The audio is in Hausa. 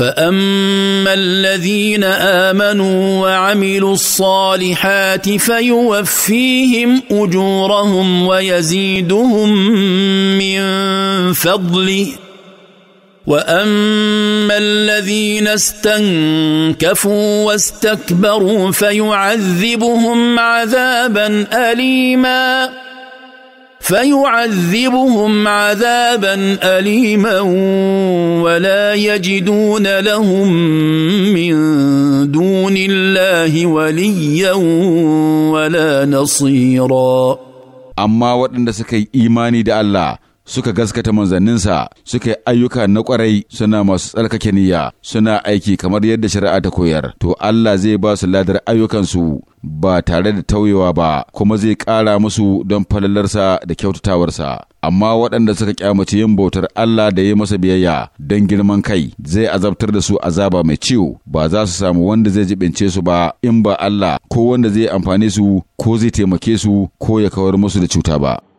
فاما الذين امنوا وعملوا الصالحات فيوفيهم اجورهم ويزيدهم من فضله واما الذين استنكفوا واستكبروا فيعذبهم عذابا اليما فيعذبهم عذابا اليما ولا يجدون لهم من دون الله وليا ولا نصيرا اما waɗanda suka ايماني imani da suka gaskata manzanninsa suka yi ayyuka na kwarai suna masu tsarkake niyya suna aiki kamar yadda shari'a ta koyar to Allah zai ba su ladar ayyukansu ba tare da tauyewa ba kuma zai kara musu don falalarsa da kyautatawarsa amma waɗanda suka kyamaci yin bautar Allah da yi masa biyayya don girman kai zai azabtar da su azaba mai ciwo ba za su samu wanda zai jibince su ba in ba Allah ko wanda zai amfane su ko zai taimake su ko ya kawar musu da cuta ba